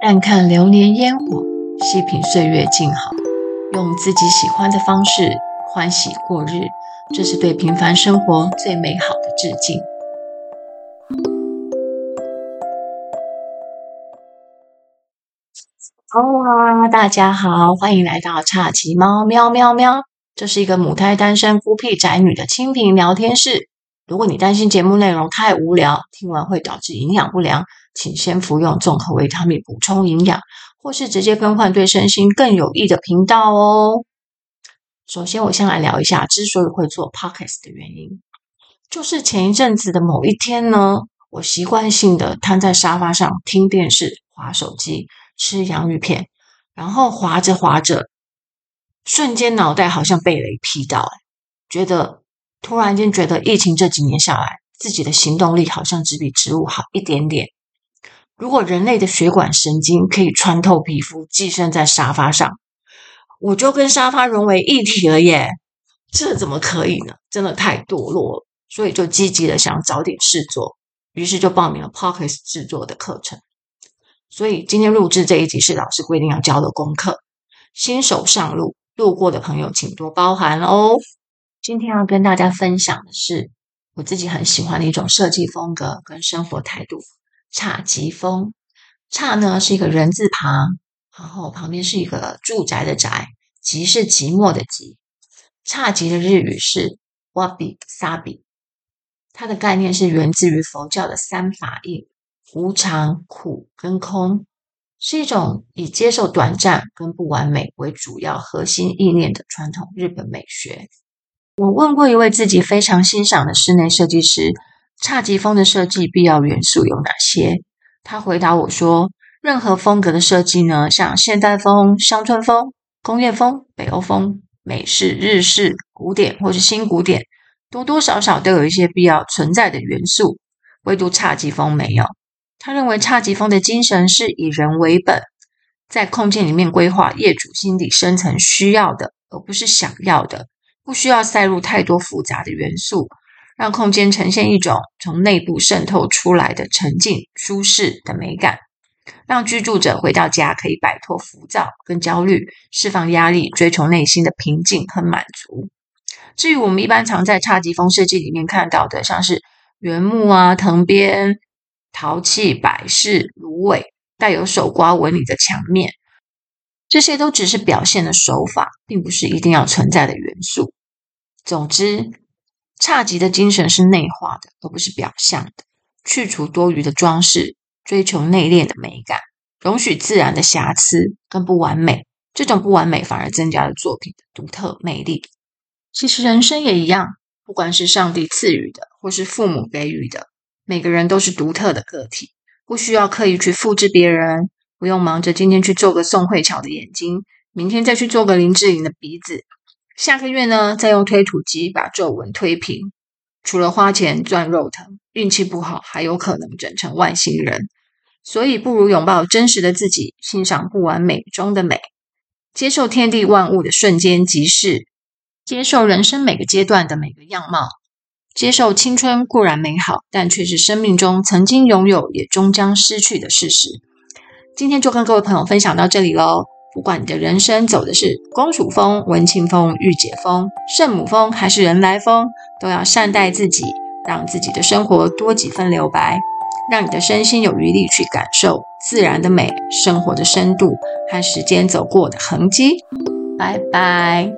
但看流年煙火，細品歲月靜好，用自己喜歡的方式歡喜過日，這是對平凡生活最美好的致敬。Hello，大家好，歡迎來到岔雞貓喵喵喵，這是一個母胎單身孤僻宅女的清貧聊天室。如果你擔心節目內容太無聊，聽完會導致營養不良。請先服用綜合維他命補充營養，或是直接更換對身心更有益的頻道哦。首先，我先來聊一下之所以會做 Podcast 的原因，就是前一陣子的某一天呢，我習慣性的癱在沙發上聽電視、滑手機、吃洋芋片，然後滑著滑著，瞬間腦袋好像被雷劈到，覺得突然間覺得疫情這幾年下來，自己的行動力好像只比植物好一點點。如果人類的血管神經可以穿透皮膚寄生在沙发上，我就跟沙发融為一體了耶！這怎麼可以呢？真的太墮落了，所以就積極的想要找點事做，於是就報名了 Podcast 制作的課程。所以今天錄制這一集是老師規定要交的功課，新手上路，路過的朋友請多包涵哦。今天要跟大家分享的是我自己很喜歡的一種設計風格跟生活態度。侘寂風，侘呢是一個人字旁，然後旁邊是一個住宅的宅，寂是寂寞的寂。侘寂的日語是 Wabi Sabi，它的概念是源自於佛教的三法印——無常、苦跟空，是一種以接受短暫跟不完美為主要核心意念的傳統日本美學。我問過一位自己非常欣賞的室內設計師。侘寂風的設計必要元素有哪些？他回答我說：“任何風格的設計呢，像現代風、鄉村風、工業風、北歐風、美式、日式、古典或是新古典，多多少少都有一些必要存在的元素。唯獨侘寂風沒有。他認為侘寂風的精神是以人為本，在空間裡面規劃業主心理深層需要的，而不是想要的，不需要塞入太多複雜的元素。”讓空間呈現一種從內部滲透出來的沉靜、舒適的美感，讓居住者回到家可以擺脫浮躁跟焦慮，釋放壓力，追求內心的平靜和滿足。至於我們一般常在侘寂風設計裡面看到的，像是原木啊、藤編、陶器、擺飾、蘆葦、帶有手刮紋理的牆面，這些都只是表現的手法，並不是一定要存在的元素。總之。侘寂的精神是內化的，而不是表象的。去除多餘的裝飾，追求內斂的美感，容許自然的瑕疵跟不完美。這種不完美反而增加了作品的獨特魅力。其實人生也一樣，不管是上帝賜予的，或是父母給予的，每個人都是獨特的個體，不需要刻意去複製別人，不用忙着今天去做個宋慧喬的眼睛，明天再去做個林志玲的鼻子。下個月呢，再用推土機把皺紋推平。除了花錢賺肉疼，運氣不好還有可能整成外星人。所以，不如擁抱真實的自己，欣賞不完美中的美，接受天地萬物的瞬間即逝，接受人生每個階段的每個樣貌，接受青春固然美好，但卻是生命中曾經擁有也終將失去的事實。今天就跟各位朋友分享到這裡嘍。不管你的人生走的是公主風、文青風、御姐風、聖母風還是人來瘋，都要善待自己，讓自己的生活多幾分留白，讓你的身心有餘力去感受自然的美、生活的深度和時間走過的痕跡。拜拜。